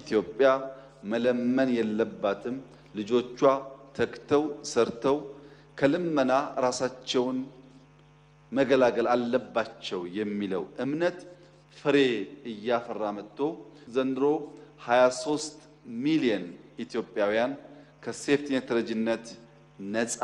ኢትዮጵያ መለመን የለባትም። ልጆቿ ተክተው ሰርተው ከልመና ራሳቸውን መገላገል አለባቸው የሚለው እምነት ፍሬ እያፈራ መጥቶ ዘንድሮ 23 ሚሊየን ኢትዮጵያውያን ከሴፍቲኔት ተረጂነት ነፃ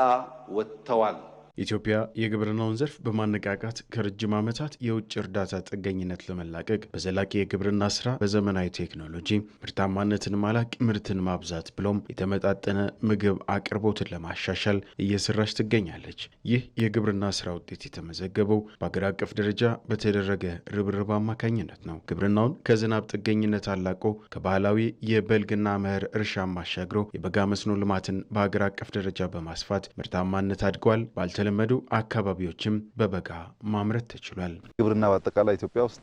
ወጥተዋል። ኢትዮጵያ የግብርናውን ዘርፍ በማነቃቃት ከረጅም ዓመታት የውጭ እርዳታ ጥገኝነት ለመላቀቅ በዘላቂ የግብርና ስራ በዘመናዊ ቴክኖሎጂ ምርታማነትን ማላቅ፣ ምርትን ማብዛት ብሎም የተመጣጠነ ምግብ አቅርቦትን ለማሻሻል እየሰራች ትገኛለች። ይህ የግብርና ስራ ውጤት የተመዘገበው በአገር አቀፍ ደረጃ በተደረገ ርብርብ አማካኝነት ነው። ግብርናውን ከዝናብ ጥገኝነት አላቆ ከባህላዊ የበልግና መኸር እርሻ ማሻግሮ የበጋ መስኖ ልማትን በአገር አቀፍ ደረጃ በማስፋት ምርታማነት አድጓል። የተለመዱ አካባቢዎችም በበጋ ማምረት ተችሏል። ግብርና በአጠቃላይ ኢትዮጵያ ውስጥ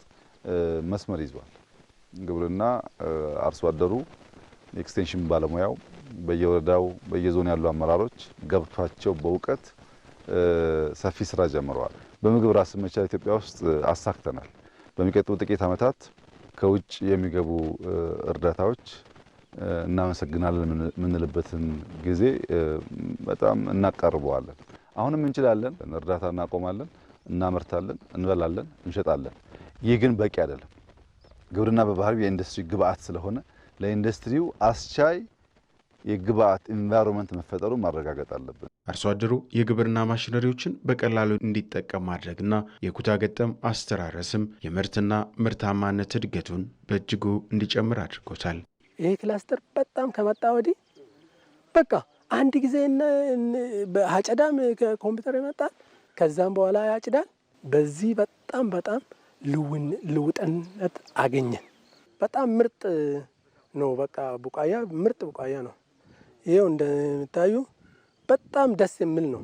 መስመር ይዟል። ግብርና አርሶ አደሩ፣ ኤክስቴንሽን ባለሙያው፣ በየወረዳው በየዞን ያሉ አመራሮች ገብቷቸው በእውቀት ሰፊ ስራ ጀምረዋል። በምግብ ራስ መቻል ኢትዮጵያ ውስጥ አሳክተናል። በሚቀጥሉ ጥቂት ዓመታት ከውጭ የሚገቡ እርዳታዎች እናመሰግናለን የምንልበትን ጊዜ በጣም እናቃርበዋለን። አሁንም እንችላለን። እርዳታ እናቆማለን፣ እናመርታለን፣ እንበላለን፣ እንሸጣለን። ይህ ግን በቂ አይደለም። ግብርና በባህሪው የኢንዱስትሪ ግብአት ስለሆነ ለኢንዱስትሪው አስቻይ የግብአት ኢንቫይሮንመንት መፈጠሩ ማረጋገጥ አለብን። አርሶ አደሩ የግብርና ማሽነሪዎችን በቀላሉ እንዲጠቀም ማድረግና የኩታ ገጠም አስተራረስም የምርትና ምርታማነት እድገቱን በእጅጉ እንዲጨምር አድርጎታል። ይህ ክላስተር በጣም ከመጣ ወዲህ በቃ አንድ ጊዜ በአጨዳም ከኮምፒውተር ይመጣል። ከዛም በኋላ ያጭዳል። በዚህ በጣም በጣም ልውጥነት አገኘን። በጣም ምርጥ ነው። በቃ ቡቃያ ምርጥ ቡቃያ ነው። ይሄው እንደምታዩ በጣም ደስ የሚል ነው።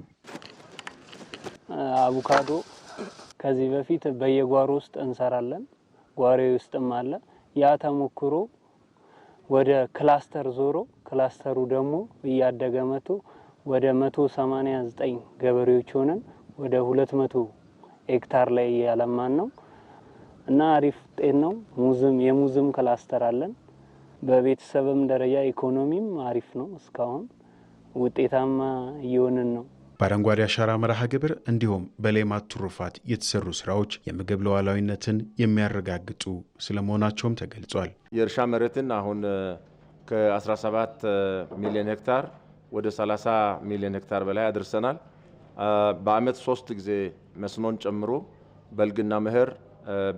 አቮካዶ ከዚህ በፊት በየጓሮ ውስጥ እንሰራለን። ጓሬ ውስጥም አለ ያ ተሞክሮ ወደ ክላስተር ዞሮ ክላስተሩ ደግሞ እያደገ መጥቶ ወደ 189 ገበሬዎች ሆነን ወደ 200 ሄክታር ላይ እያለማን ነው እና አሪፍ ውጤት ነው። ሙዝም የሙዝም ክላስተር አለን። በቤተሰብም ደረጃ ኢኮኖሚም አሪፍ ነው። እስካሁን ውጤታማ እየሆንን ነው። በአረንጓዴ አሻራ መርሃ ግብር እንዲሁም በሌማት ትሩፋት የተሰሩ ስራዎች የምግብ ለዋላዊነትን የሚያረጋግጡ ስለመሆናቸውም ተገልጿል። የእርሻ መሬትን አሁን ከ17 ሚሊዮን ሄክታር ወደ 30 ሚሊዮን ሄክታር በላይ አድርሰናል። በአመት ሶስት ጊዜ መስኖን ጨምሮ በልግና ምህር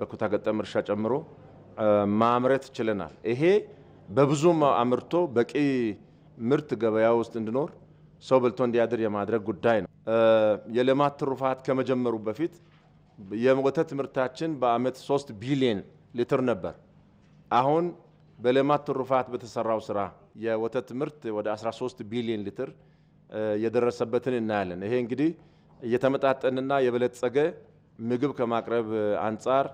በኩታ ገጠም እርሻ ጨምሮ ማምረት ችለናል። ይሄ በብዙም አምርቶ በቂ ምርት ገበያ ውስጥ እንዲኖር ሰው በልቶ እንዲያድር የማድረግ ጉዳይ ነው። የልማት ትሩፋት ከመጀመሩ በፊት የወተት ምርታችን በዓመት 3 ቢሊዮን ሊትር ነበር። አሁን በልማት ትሩፋት በተሰራው ስራ የወተት ምርት ወደ 13 ቢሊዮን ሊትር የደረሰበትን እናያለን። ይሄ እንግዲህ እየተመጣጠንና የበለጸገ ምግብ ከማቅረብ አንጻር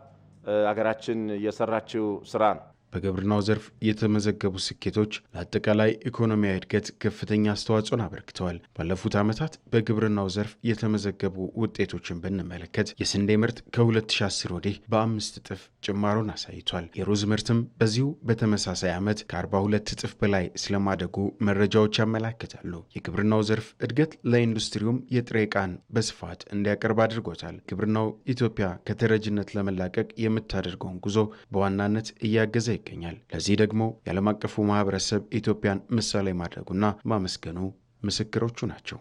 አገራችን የሰራችው ስራ ነው። በግብርናው ዘርፍ የተመዘገቡ ስኬቶች ለአጠቃላይ ኢኮኖሚያዊ እድገት ከፍተኛ አስተዋጽኦን አበርክተዋል። ባለፉት ዓመታት በግብርናው ዘርፍ የተመዘገቡ ውጤቶችን ብንመለከት የስንዴ ምርት ከ2010 ወዲህ በአምስት እጥፍ ጭማሮን አሳይቷል። የሩዝ ምርትም በዚሁ በተመሳሳይ ዓመት ከ42 እጥፍ በላይ ስለማደጉ መረጃዎች ያመላክታሉ። የግብርናው ዘርፍ እድገት ለኢንዱስትሪውም የጥሬ ዕቃን በስፋት እንዲያቀርብ አድርጎታል። ግብርናው ኢትዮጵያ ከተረጅነት ለመላቀቅ የምታደርገውን ጉዞ በዋናነት እያገዘ ይገኛል። ለዚህ ደግሞ የዓለም አቀፉ ማህበረሰብ ኢትዮጵያን ምሳሌ ማድረጉና ማመስገኑ ምስክሮቹ ናቸው።